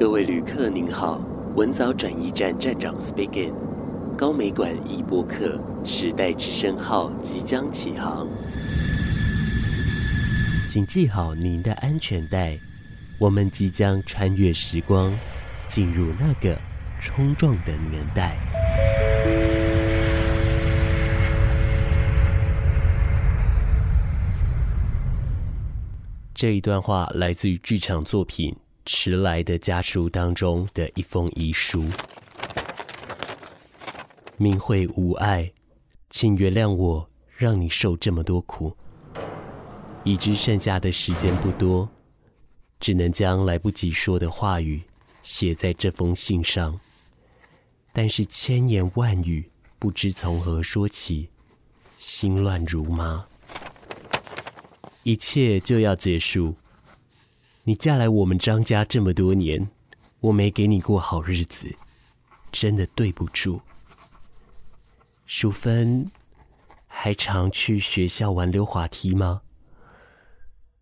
各位旅客您好，文藻轉移站站長 speaking 高美館一播客時代之聲號即將起航，請繫好您的安全帶，我們即將穿越時光，進入那個衝撞的年代。這一段話來自於劇場作品。遲來的家書當中的一封遺書明慧吾愛，請原諒我讓你受這麼多苦。已知剩下的時間不多，只能將來不及說的話語寫在這封信上。但是千言萬語不知從何說起，心亂如麻，一切就要結束。你嫁來我們張家這麼多年，我沒給你過好日子，真的對不住。淑芬，還常去學校玩溜滑梯嗎？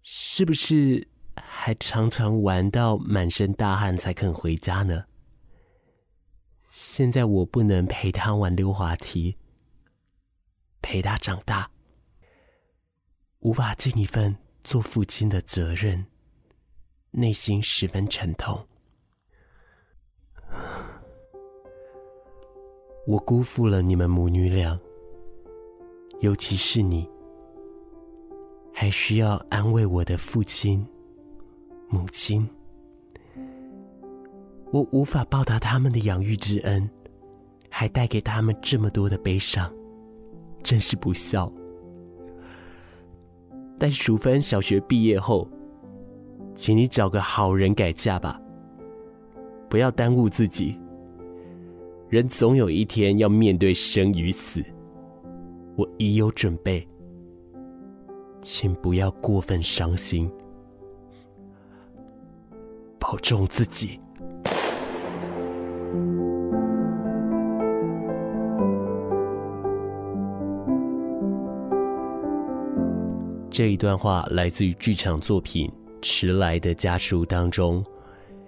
是不是還常常玩到滿身大汗才肯回家呢？現在我不能陪她玩溜滑梯，陪她長大，無法盡一份做父親的責任。內心十分沉痛， 我辜負了你們母女倆，尤其是你，還需要安慰我的父親、母親，我無法報答他們的養育之恩，還帶給他們這麼多的悲傷，真是不孝。但淑芬小學畢業後。請你找個好人改嫁吧，不要耽誤自己。人總有一天要面對生與死，我已有準備。請不要過分傷心，保重自己。這一段話來自於劇場作品，遲來的家書當中，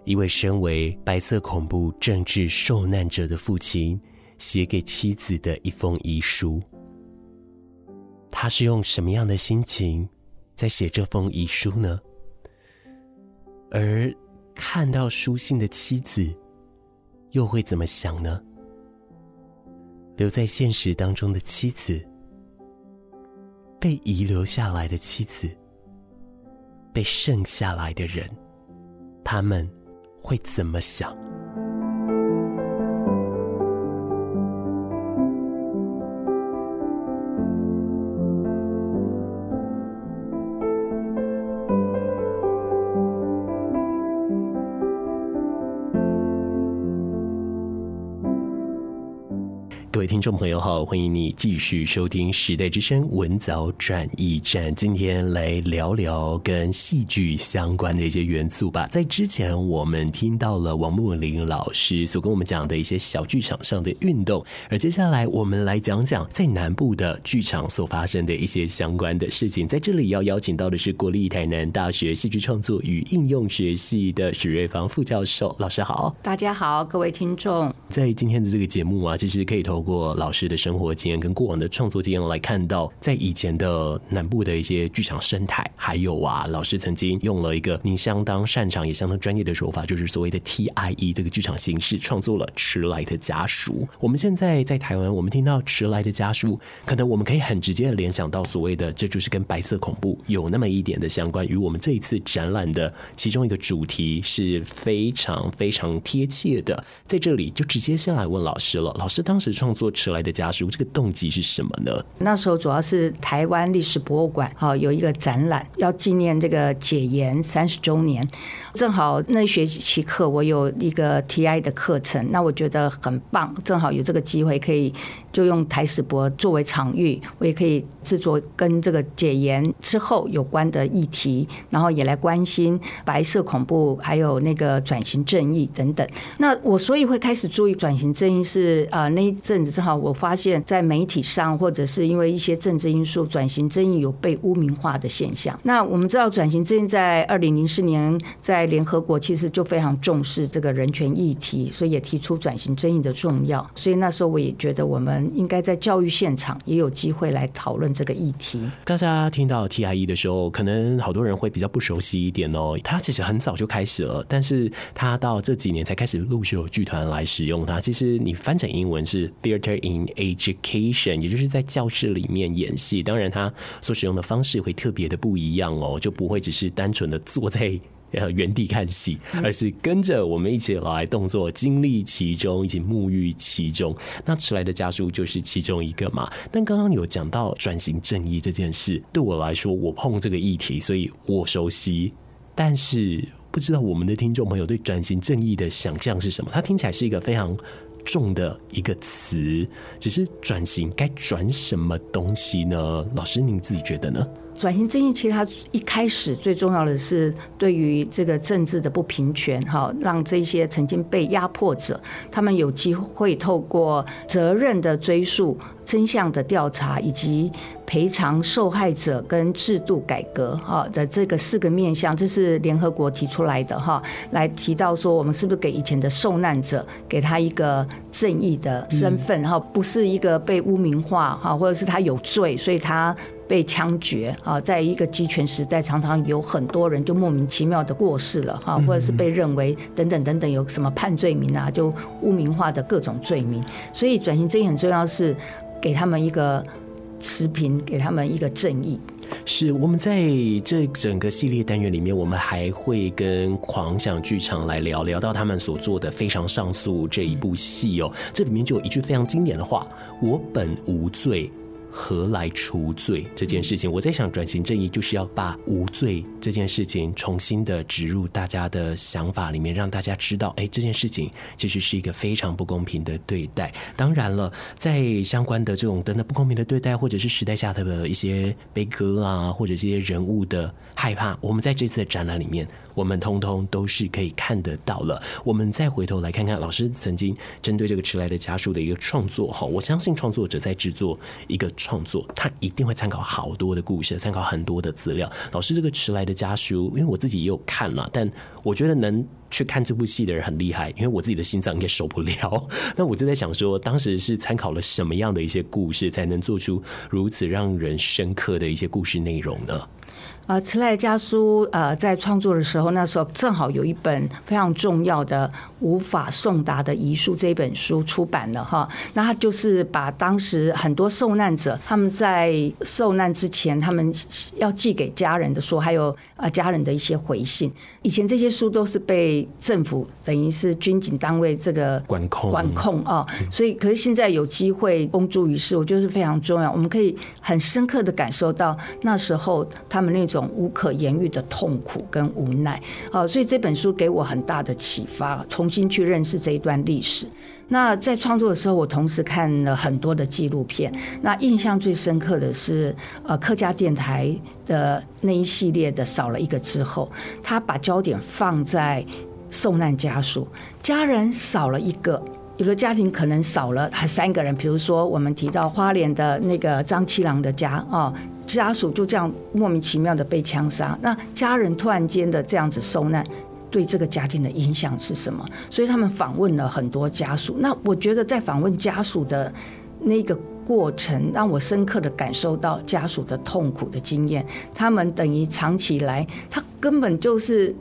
一位身為白色恐怖政治受難者的父親寫給妻子的一封遺書。他是用什麼樣的心情在寫這封遺書呢？而看到書信的妻子又會怎麼想呢？留在現實當中的妻子，被遺留下來的妻子。被剩下來的人，他們會怎麼想？聽眾朋友好，歡迎你繼續收聽《時代之聲》文藻轉譯站。今天來聊聊跟戲劇相關的一些元素吧。在之前，我們聽到了王木林老師所跟我們講的一些小劇場上的運動，而接下來，我們來講講在南部的劇場所發生的一些相關的事情。在這裡要邀請到的是國立台南大學戲劇創作與應用學系的許瑞芳副教授，老師好，大家好，各位聽眾，在今天的這個節目啊，其實可以透過。老師的生活經驗跟過往的創作經驗來看到，在以前的南部的一些劇場生態，還有啊，老師曾經用了一個您相當擅長也相當專業的手法，就是所謂的 TIE 這個劇場形式，創作了《遲來的家書》。我們現在在台灣，我們聽到《遲來的家書》，可能我們可以很直接的聯想到所謂的這就是跟白色恐怖有那麼一點的相關，與我們這一次展覽的其中一個主題是非常非常貼切的。在這裡就直接先來問老師了，老師當時創作。遲來的家書，這個動機是什麼呢？那時候主要是台灣歷史博物館，哈，有一個展覽要紀念這個解嚴三十週年，正好那學期課我有一個 T I 的課程，那我覺得很棒，正好有這個機會可以就用台史博作為場域，我也可以製作跟這個解嚴之後有關的議題，然後也來關心白色恐怖，還有那個轉型正義等等。那我所以會開始注意轉型正義是呃那一陣子。好，我發現，在媒體上或者是因為一些政治因素，轉型正義有被污名化的現象。那我們知道，轉型正義在二零零四年在聯合國其實就非常重視這個人權議題，所以也提出轉型正義的重要。所以那時候我也覺得，我們應該在教育現場也有機會來討論這個議題。剛才聽到 TIE 的時候，可能好多人會比較不熟悉一點哦。他其實很早就開始了，但是他到這幾年才開始陸續有劇團來使用它。其實你翻成英文是第二。在教育，也就是在教室裡面演戲，當然他所使用的方式會特別的不一樣哦，就不會只是單純的坐在呃原地看戲，嗯，而是跟着我們一起來動作，經歷其中，以及沐浴其中。那遲來的家書就是其中一個嘛。但剛剛有講到轉型正義這件事，對我來說，我碰這個議題，所以我熟悉，但是不知道我們的聽眾朋友對轉型正義的想象是什麼。他聽起來是一個非常。重的一個詞，只是轉型該轉什麼東西呢？老師，您自己覺得呢？轉型正義，其實它一開始最重要的是對於這個政治的不平權，哈，讓這些曾經被壓迫者，他們有機會透過責任的追溯、真相的調查以及賠償受害者跟制度改革，哈的這個四個面向，這是聯合國提出來的哈，來提到說，我們是不是給以前的受難者給他一個正義的身份，哈，不是一個被汙名化，哈，或者是他有罪，所以他。被槍決啊，在一個集權時代，常常有很多人就莫名其妙的過世了哈，或者是被認為等等等等有什麼判罪名啊，就污名化，的各種罪名。所以轉型正義很重要，是給他們一個持平，給他們一個正義。是，我們在這整個系列單元裡面，我們還會跟狂想劇場來聊聊到他們所做的非常上訴這一部戲哦，這裡面就有一句非常經典的話：“我本無罪。”何來除罪這件事情？我在想，轉型正義就是要把無罪這件事情重新的植入大家的想法裡面，讓大家知道，誒，這件事情其實是一個非常不公平的對待。當然了，在相關的這種等等不公平的對待，或者是時代下的一些悲歌啊，或者這些人物的害怕，我們在這次的展覽裡面，我們通通都是可以看得到了。我們再回頭來看看，老師曾經針對這個遲來的家書的一個創作，哈，我相信創作者在制作一個。創作他一定會參考好多的故事，參考很多的資料。老師這個遲來的家書，因為我自己也有看啦，但我覺得能去看這部戲的人很厲害，因為我自己的心臟也受不了。那我就在想說，當時是參考了什麼樣的一些故事，才能做出如此讓人深刻的一些故事內容呢？啊、呃，《遲來的家書》呃在創作的時候，那時候正好有一本非常重要的《無法送達的遺書》這一本書出版了哈。那他就是把當時很多受難者他們在受難之前，他們要寄給家人的書，還有、呃、家人的一些回信。以前這些書都是被政府等於是軍警單位這個管控管控啊、嗯哦，所以可是現在有機會公諸於世，我覺得是非常重要。我們可以很深刻的感受到那時候他們。那種無可言喻的痛苦跟無奈啊，所以這本書給我很大的啟發，重新去認識這一段歷史。那在創作的時候，我同時看了很多的紀錄片。那印象最深刻的是，呃，客家電台的那一系列的少了一個之後，他把焦點放在受難家屬，家人少了一個，有的家庭可能少了還三個人，比如說我們提到花蓮的那個張七郎的家啊。家屬就這樣莫名其妙的被槍殺，那家人突然間的這樣子受難，對這個家庭的影響是什麼？所以他們訪問了很多家屬。那我覺得在訪問家屬的那個過程，讓我深刻的感受到家屬的痛苦的經驗。他們等於藏起來，他根本就是。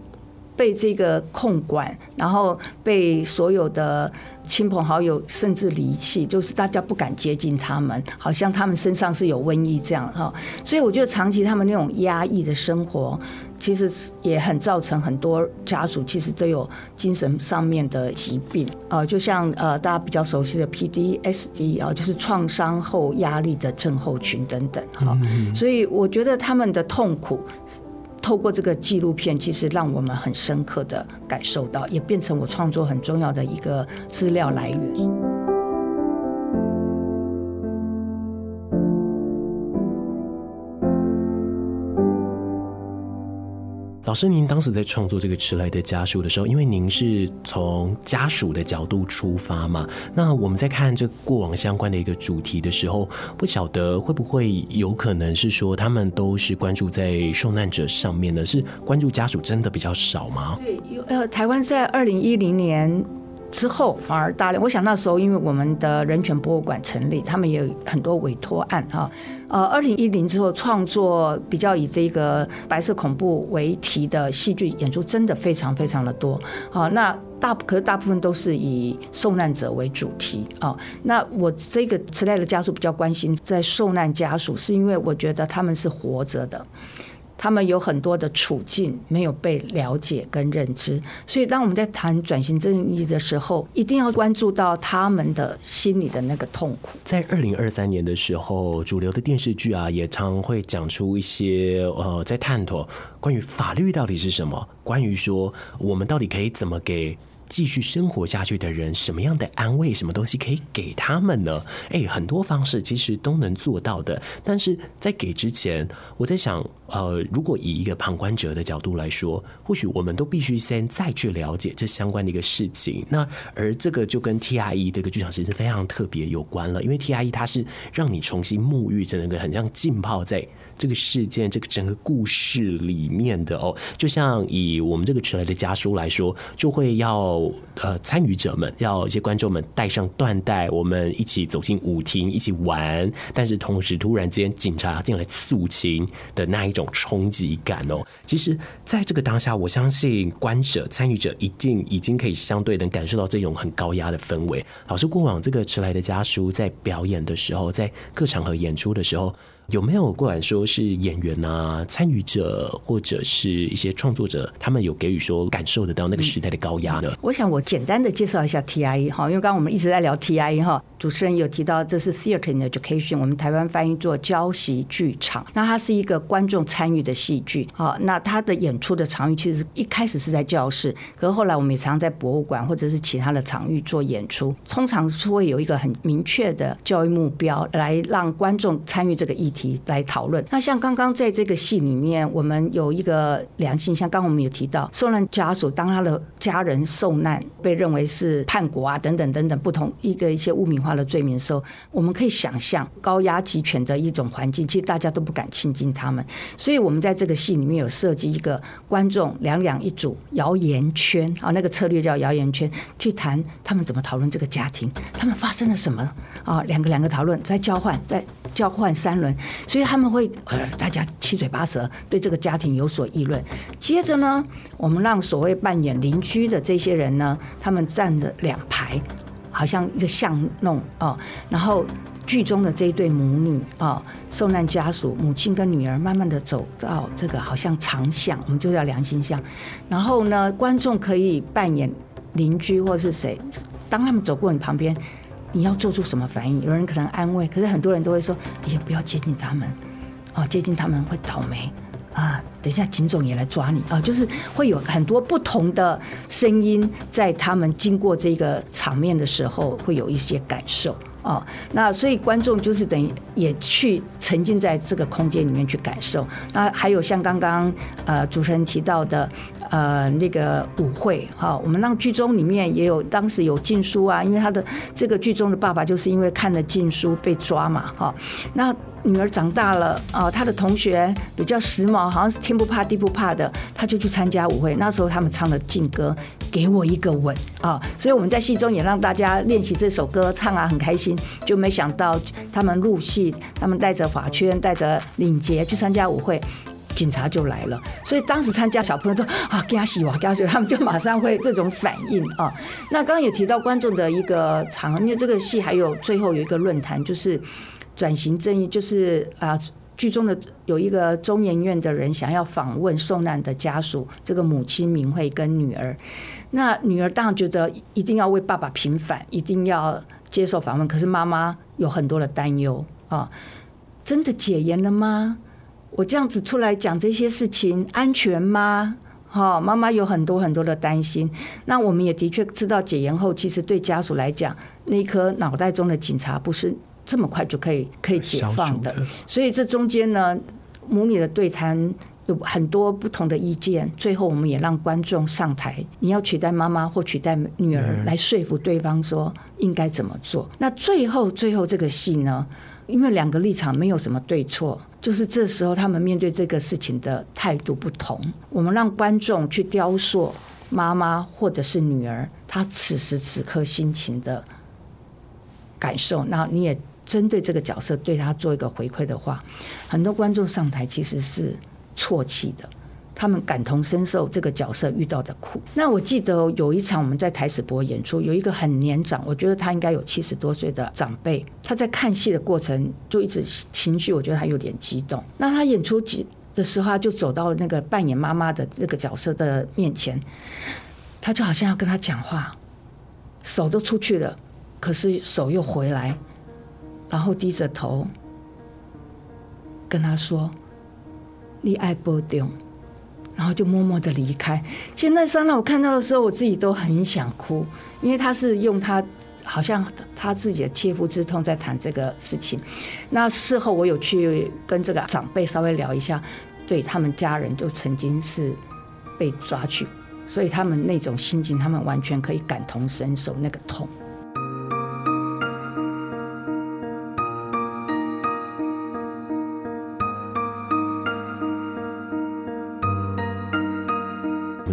被這個控管，然後被所有的親朋好友甚至離棄，就是大家不敢接近他們，好像他們身上是有瘟疫這樣哈。所以我覺得長期他們那種壓抑的生活，其實也很造成很多家屬其實都有精神上面的疾病啊，就像呃大家比較熟悉的 P D S D 啊，就是創傷後壓力的症候群等等哈。所以我覺得他們的痛苦。透過這個紀錄片，其實讓我們很深刻地感受到，也變成我創作很重要的一個資料來源。老師，您當時在創作這個遲來的家書的時候，因為您是從家屬的角度出發嘛，那我們在看這過往相關的一個主題的時候，不曉得會不會有可能是說他們都是關注在受難者上面的，是關注家屬真的比較少嗎？對，有呃，台灣在二零一零年。之後反而大量，我想那時候因為我們的人權博物館成立，他們也有很多委托案啊。呃，二零一零之後創作比較以這個白色恐怖為題的戲劇演出，真的非常非常的多。好、啊，那大可是大部分都是以受難者為主題啊。那我這個遲來的家屬比較關心在受難家屬，是因為我覺得他們是活着的。他們有很多的處境沒有被了解跟認知，所以當我們在談轉型正義的時候，一定要關注到他們的心裡的那個痛苦。在二零二三年的時候，主流的電視劇啊也常會講出一些呃，在探討關於法律到底是什麼，關於說我們到底可以怎麼給繼續生活下去的人什麼樣的安慰，什麼東西可以給他們呢？誒，很多方式其實都能做到的，但是在給之前，我在想。呃，如果以一個旁觀者的角度來說，或許我們都必須先再去了解這相關的一個事情。那而這個就跟 TIE 這個劇場其實非常特別有關了，因為 TIE 它是讓你重新沐浴成一個很像浸泡在這個事件、這個整個故事裡面的哦。就像以我們這個遲來的家書來說，就會要呃參與者們、要一些觀眾們戴上緞帶，我們一起走進舞廳一起玩，但是同時突然間警察進來肅清的那一種。有衝擊感哦，喔，其實在這個當下，我相信觀者、參與者一定已經可以相對能感受到這種很高壓的氛圍。老師，過往這個遲來的家書在表演的時候，在各場合演出的時候，有沒有過來說是演員啊、參與者或者是一些創作者，他們有給予說感受得到那個時代的高壓呢、嗯嗯？我想我簡單的介紹一下 TIE 哈，因為剛剛我們一直在聊 TIE 哈，主持人有提到這是 Theatre in Education，我們台灣翻譯做教習劇場。那它是一個觀眾參與的戲劇啊，那它的演出的場域其實一開始是在教室，可是後來我們也常在博物館或者是其他的場域做演出。通常是會有一個很明確的教育目標，來讓觀眾參與這個議題來討論。那像剛剛在這個戲裡面，我們有一個良心，像剛剛我們有提到，受難家屬當他的家人受難，被認為是叛國啊，等等等等，不同一個一些污名化的罪名的時候，我們可以想象高壓極權的一種環境，其實大家都不敢親近他們。所以，我們在這個戲裡面有設計一個觀眾兩兩一組謠言圈啊，那個策略叫謠言圈，去談他們怎麼討論這個家庭，他們發生了什麼啊？兩個兩個討論，再交換，再交換三輪。所以他們會呃，大家七嘴八舌對這個家庭有所議論。接着呢，我們讓所謂扮演鄰居的這些人呢，他們站着兩排，好像一個巷弄哦。然後劇中的這一對母女啊、哦，受難家屬母親跟女兒，慢慢的走到這個好像長巷，我們就叫良心巷。然後呢，觀眾可以扮演鄰居或是誰，當他們走過你旁邊，你要做出什麼反應？有人可能安慰，可是很多人都會說：“你就不要接近他們，哦，接近他們會倒霉，啊，等一下警總也來抓你啊！”就是會有很多不同的聲音，在他們經過這個場面的時候，會有一些感受。哦，那所以觀眾就是等於也去沉浸在這個空間裡面去感受。那還有像剛剛呃主持人提到的呃那個舞會哈，我們讓劇中裡面也有當時有禁書啊，因為他的這個劇中的爸爸就是因為看了禁書被抓嘛哈，那。女兒長大了啊，她的同學比較時髦，好像是天不怕地不怕的，她就去參加舞會。那時候他們唱了禁歌《給我一個吻》啊，所以我們在戲中也讓大家練習這首歌唱啊，很開心。就沒想到他們入戲，他們戴著髮圈、戴著領結去參加舞會，警察就來了。所以當時參加小朋友說啊，驚死我，驚死我他們就馬上會這種反應啊。那剛剛也提到觀眾的一個場合，因為這個戲還有最後有一個論壇，就是。轉型正義就是啊，劇中的有一個中研院的人想要訪問受難的家屬，這個母親明慧跟女兒。那女兒當然覺得一定要為爸爸平反，一定要接受訪問。可是媽媽有很多的擔憂啊，真的解嚴了嗎？我這樣子出來講這些事情，安全嗎？哈、哦，媽媽有很多很多的擔心。那我們也的確知道解嚴後，其實對家屬來講，那顆腦袋中的警察不是。這麼快就可以可以解放的，所以這中間呢，母女的對談有很多不同的意見。最後，我們也讓觀眾上台，你要取代媽媽或取代女兒來說服對方，說應該怎麼做。那最後，最後這個戲呢，因為兩個立場沒有什麼對錯，就是這時候他們面對這個事情的態度不同。我們讓觀眾去雕塑媽媽或者是女兒，她此時此刻心情的感受。那你也。針對這個角色，對他做一個回饋的話，很多觀眾上臺其實是啜泣的，他們感同身受這個角色遇到的苦。那我記得有一場我們在台史博演出，有一個很年長，我覺得他應該有七十多歲的長輩，他在看戲的過程就一直情緒，我覺得他有點激動。那他演出幾的時候，他就走到那個扮演媽媽的那個角色的面前，他就好像要跟他講話，手都出去了，可是手又回來。然後低着頭，跟他說：“你愛保重。”然後就默默的離開。其實那一剎那，我看到的時候，我自己都很想哭，因為他是用他好像他自己的切膚之痛在談這個事情。那事後我有去跟這個長輩稍微聊一下，對他們家人就曾經是被抓去，所以他們那種心情，他們完全可以感同身受那個痛。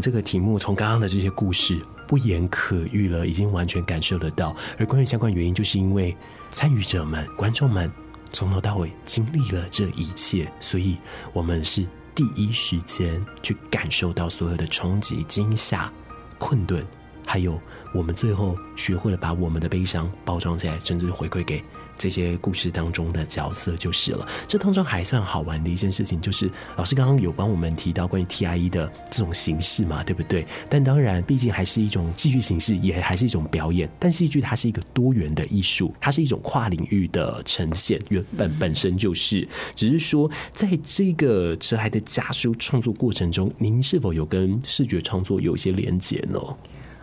這個題目從剛剛的這些故事不言可喻了，已經完全感受得到。而關於相關原因，就是因為參與者們、觀眾們從頭到尾經歷了這一切，所以我們是第一時間去感受到所有的衝擊、驚嚇、困頓，還有我們最後學會了把我們的悲傷包裝起來，甚至回饋給。這些故事當中的角色就是了。這當中還算好玩的一件事情，就是老師剛剛有幫我們提到關於 TIE 的這種形式嘛，對不對？但當然，畢竟還是一種戲劇形式，也還是一種表演。但戲劇它是一個多元的藝術，它是一種跨領域的呈現，原本本身就是。只是說，在這個遲來的家書創作過程中，您是否有跟視覺創作有一些連接呢？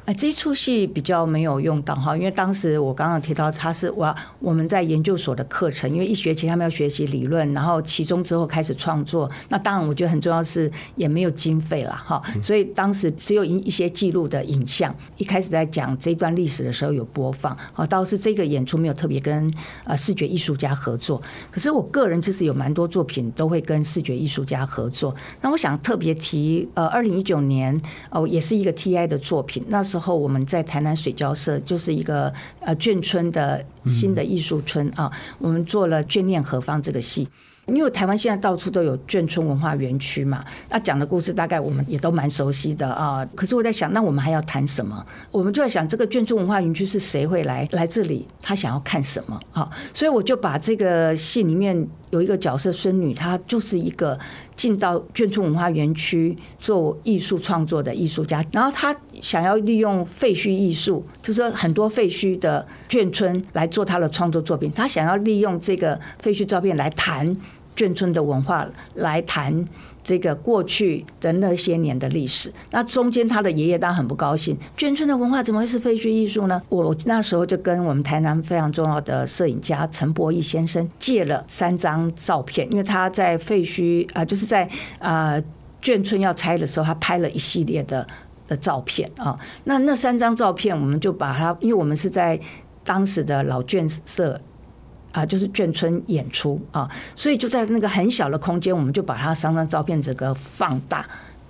啊，這一齣戲比較沒有用到哈，因為當時我剛剛提到他是我我們在研究所的課程，因為一學期他們要學習理論，然後其中之後開始創作。那當然我覺得很重要是也沒有經費了哈，所以當時只有一一些記錄的影像。一開始在講這段歷史的時候有播放，啊，倒是這個演出沒有特別跟啊視覺藝術家合作。可是我個人就是有蠻多作品都會跟視覺藝術家合作。那我想特別提呃，二零一九年哦，也是一個 T I 的作品，那。之後我們在台南水交社就是一個呃眷村的新的藝術村啊、嗯哦，我們做了眷戀何方這個戲，因為台灣現在到處都有眷村文化園區嘛，那、啊、講的故事大概我們也都蠻熟悉的啊。可是我在想，那我們還要談什麼？我們就在想，這個眷村文化園區是誰會來來這裡？他想要看什麼？啊、哦、所以我就把這個戲裡面有一個角色孫女，她就是一個。進到眷村文化園區做藝術創作的藝術家，然後他想要利用廢墟藝術，就是說很多廢墟的眷村來做他的創作作品。他想要利用這個廢墟照片來談眷村的文化，來談。這個過去的那些年的歷史，那中間他的爺爺當然很不高興。眷村的文化怎麼會是廢墟藝術呢？我那時候就跟我們台南非常重要的攝影家陳伯義先生借了三張照片，因為他在廢墟啊、呃，就是在啊、呃、眷村要拆的時候，他拍了一系列的的照片啊、哦。那那三張照片，我們就把它，因為我們是在當時的老眷舍啊，就是眷村演出啊，所以就在那個很小的空間，我們就把它三張照片整個放大，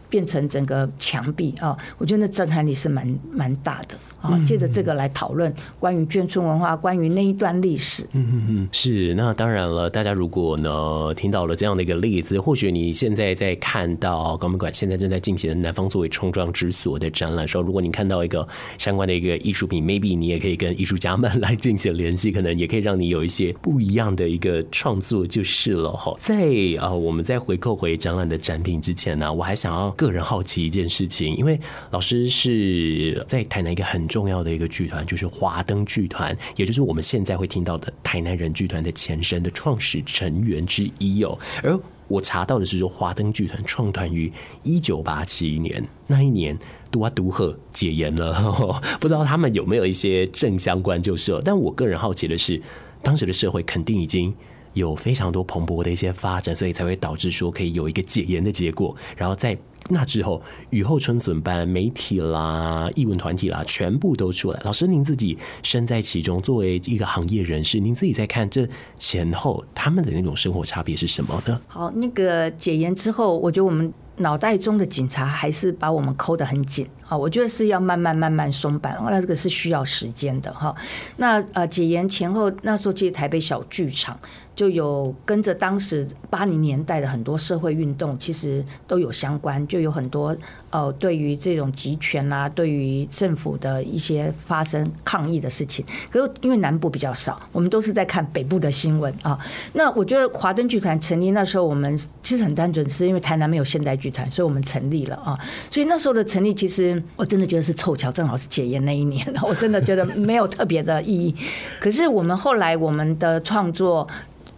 變成整個牆壁啊，我覺得那震撼力是蠻蠻大的。啊、哦，借着這個來討論關於眷村文化，嗯、關於那一段歷史。嗯嗯嗯，是那當然了，大家如果呢聽到了這樣的一個例子，或許你現在在看到高美館現在正在進行的南方作為衝撞之所的展覽時候，如果你看到一個相關的一個藝術品，maybe 你也可以跟藝術家們來進行聯繫，可能也可以讓你有一些不一樣的一個創作就是了。哈，在、呃、啊，我們在回扣回展覽的展品之前呢，我還想要個人好奇一件事情，因為老師是在台南一個很。重要的一個劇團就是華燈劇團，也就是我們現在會聽到的台南人劇團的前身的創始成員之一哦。而我查到的是說，華燈劇團創團於一九八七年，那一年杜啊杜賀解嚴了呵呵，不知道他們有沒有一些正相關就是了。但我個人好奇的是，當時的社會肯定已經。有非常多蓬勃的一些發展，所以才會導致說可以有一個解嚴的結果。然後在那之後，雨後春筍般媒體啦、藝文團體啦，全部都出來。老師您自己身在其中，作為一個行業人士，您自己在看這前後他們的那種生活差別是什麼呢？好，那個解嚴之後，我覺得我們。腦袋中的警察還是把我們扣得很緊哈，我覺得是要慢慢慢慢鬆綁，那這個是需要時間的哈。那呃，解嚴前後那時候，其實台北小劇場就有跟着當時八零年代的很多社會運動，其實都有相關，就有很多呃，對於這種集權啊，對於政府的一些發生抗議的事情。可是因為南部比較少，我們都是在看北部的新聞啊。那我覺得華燈劇團成立那時候，我們其實很單純，是因為台南沒有現代劇場。劇團，所以我們成立了啊，所以那時候的成立，其實我真的覺得是湊巧，正好是解嚴那一年，我真的覺得沒有特別的意義。 可是我們後來我們的創作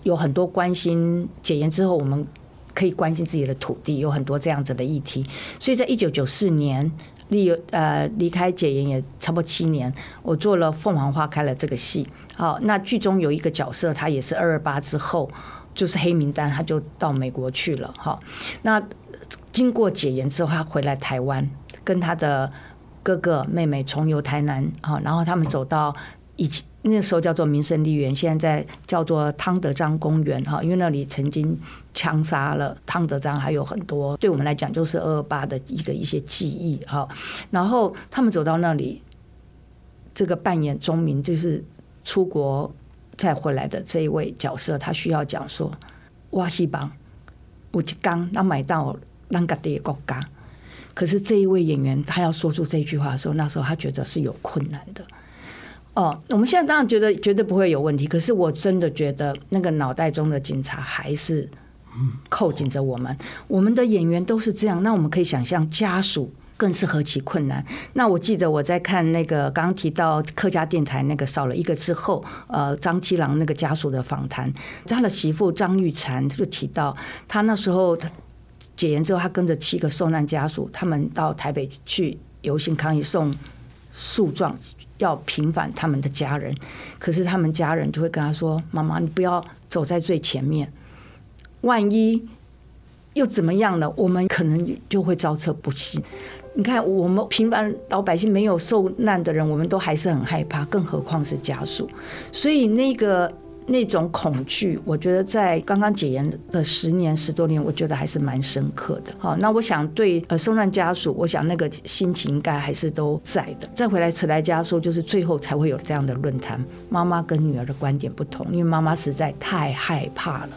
有很多關心解嚴之後，我們可以關心自己的土地，有很多這樣子的議題。所以在一九九四年，離呃離開解嚴也差不多七年，我做了《鳳凰花開了》這個戲。好，那劇中有一個角色，他也是二二八之後就是黑名單，他就到美國去了。哈，那。經過解嚴之後，他回來台灣，跟他的哥哥妹妹重遊台南啊。然後他們走到以前那時候叫做民生綠園，現在在叫做湯德章公園哈。因為那裡曾經槍殺了湯德章，還有很多對我們來講就是二二八的一個一些記憶哈。然後他們走到那裡，這個扮演鍾明，就是出國再回來的這一位角色，他需要講說哇西邦我就剛他買到。那個的國家，可是這一位演員他要說出這句話的時候，那時候他覺得是有困難的。哦，我們現在當然覺得絕對不會有問題，可是我真的覺得那個腦袋中的警察還是嗯，扣緊着我們。我們的演員都是這樣，那我們可以想象家屬更是何其困難。那我記得我在看那個剛剛提到客家電台那個少了一個之後，呃，張七郎那個家屬的訪談，他的媳婦張玉嬋就提到他那時候他。解嚴之後，他跟着七個受難家屬，他們到台北去遊行抗議、送訴狀，要平反他們的家人。可是他們家人就會跟他說：“媽媽，你不要走在最前面，萬一又怎麼樣呢？我們可能就會遭車不幸。你看，我們平凡老百姓沒有受難的人，我們都還是很害怕，更何況是家屬。所以那個。”那種恐懼，我覺得在剛剛解嚴的十年十多年，我覺得還是蠻深刻的。好，那我想對呃，受難家屬，我想那個心情應該還是都在的。再回來，遲來家書就是最後才會有這樣的論壇。媽媽跟女兒的觀點不同，因為媽媽實在太害怕了。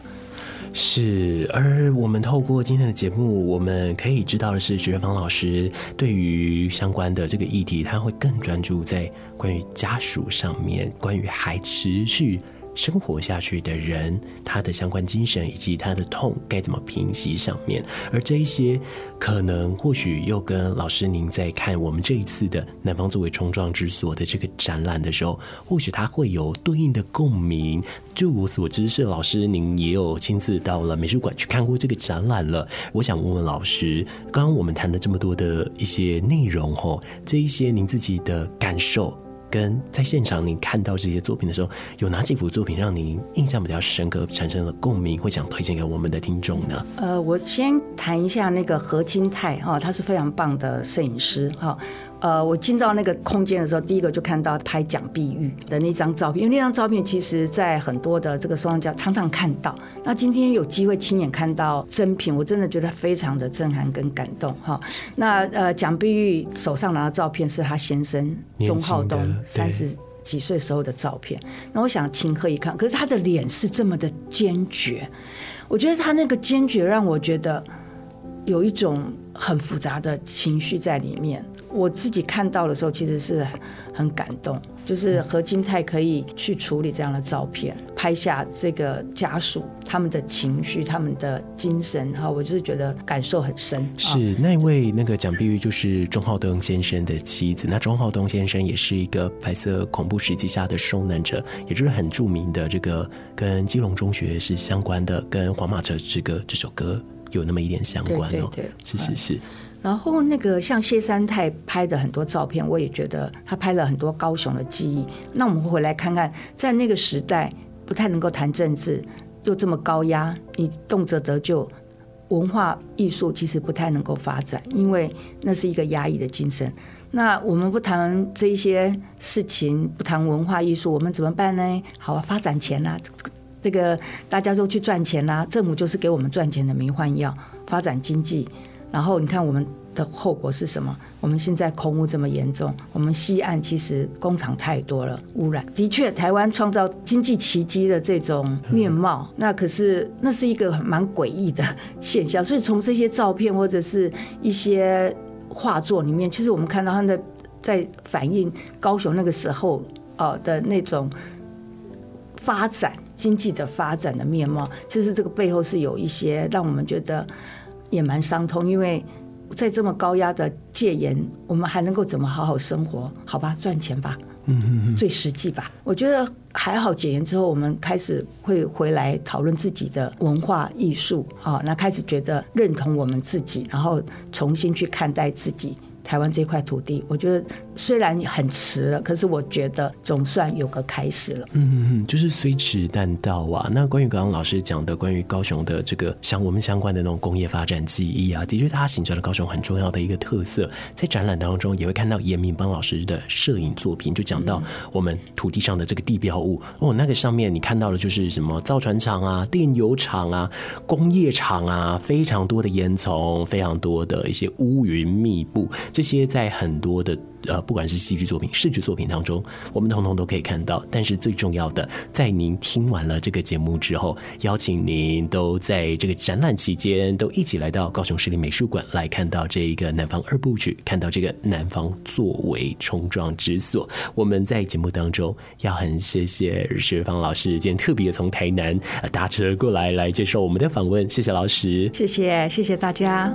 是，而我們透過今天的節目，我們可以知道的是，許瑞芳老師對於相關的這個議題，他會更專注在關於家屬上面，關於還持續，生活下去的人，他的相關精神以及他的痛該怎麼平息上面，而這一些可能或許又跟老師您在看我們這一次的南方作為衝撞之所的這個展覽的時候，或許它會有對應的共鳴。據我所知，是老師您也有親自到了美術館去看過這個展覽了。我想問問老師，剛剛我們談了這麼多的一些內容吼，這一些您自己的感受，跟在現場，您看到這些作品的時候，有哪幾幅作品讓您印象比較深刻，產生了共鳴，會想推薦給我們的聽眾呢？呃，我先談一下那個何金泰哈、哦，他是非常棒的攝影師哈。哦呃，我進到那個空間的時候，第一個就看到拍蔣碧玉的那張照片，因為那張照片其實在很多的這個收藏家常常看到。那今天有機會親眼看到真品，我真的覺得非常的震撼跟感動哈。那呃，蔣碧玉手上拿的照片是她先生鍾浩東三十幾歲時候的照片。那我想情何以堪？可是他的臉是這麼的堅決，我覺得他那個堅決讓我覺得有一種很複雜的情緒在裡面。我自己看到的時候，其實是很感動，就是何經泰可以去處理這樣的照片，拍下這個家屬他們的情緒、他們的精神，哈，我就是覺得感受很深。是、啊、那一位那個蔣碧玉，就是鍾浩東先生的妻子。那鍾浩東先生也是一個白色恐怖時期下的受難者，也就是很著名的這個跟基隆中學是相關的，跟《幌馬車之歌》這首歌有那麼一點相關哦。對對對，是是、是。嗯然後那個像謝三泰拍的很多照片，我也覺得他拍了很多高雄的記憶。那我們回來看看，在那個時代不太能夠談政治，又這麼高壓，你動輒得咎。文化藝術其實不太能夠發展，因為那是一個壓抑的精神。那我們不談這些事情，不談文化藝術，我們怎麼辦呢？好、啊，發展錢吶、啊，這個、這個、大家都去賺錢啦、啊，政府就是給我們賺錢的迷幻藥，發展經濟。然後你看我們的後果是什麼？我們現在空污這麼嚴重，我們西岸其實工廠太多了，污染的確。台灣創造經濟奇蹟的這種面貌，那可是那是一個蠻詭異的現象。所以從這些照片或者是一些畫作裡面，其實我們看到他在在反映高雄那個時候啊的那種發展經濟的發展的面貌，就是這個背後是有一些讓我們覺得。也蠻傷痛，因為在這麼高壓的戒嚴，我們還能夠怎麼好好生活？好吧，賺錢吧，嗯嗯最實際吧。我覺得還好，解嚴之後，我們開始會回來討論自己的文化藝術，啊、哦，那開始覺得認同我們自己，然後重新去看待自己，台灣這塊土地，我覺得雖然很遲了，可是我覺得總算有個開始了。嗯嗯嗯，就是雖遲但到啊。那關於剛剛老師講的關於高雄的這個，像我們相關的那種工業發展記憶啊，其實的確它形成了高雄很重要的一個特色。在展覽當中也會看到嚴明邦老師的攝影作品，就講到我們土地上的這個地標物、嗯、哦，那個上面你看到的就是什麼造船廠啊、煉油廠啊、工業廠啊，非常多的煙囪，非常多的一些烏雲密佈。這些在很多的呃，不管是戲劇作品、視覺作品當中，我們統統都可以看到。但是最重要的，在您聽完了這個節目之後，邀請您都在這個展覽期間都一起來到高雄市立美術館來看到這一個《南方二部曲》，看到這個《南方作為衝撞之所》。我們在節目當中要很謝謝瑞芳老師，今天特別的從台南搭車過來來接受我們的訪問。謝謝老師，謝謝謝謝大家。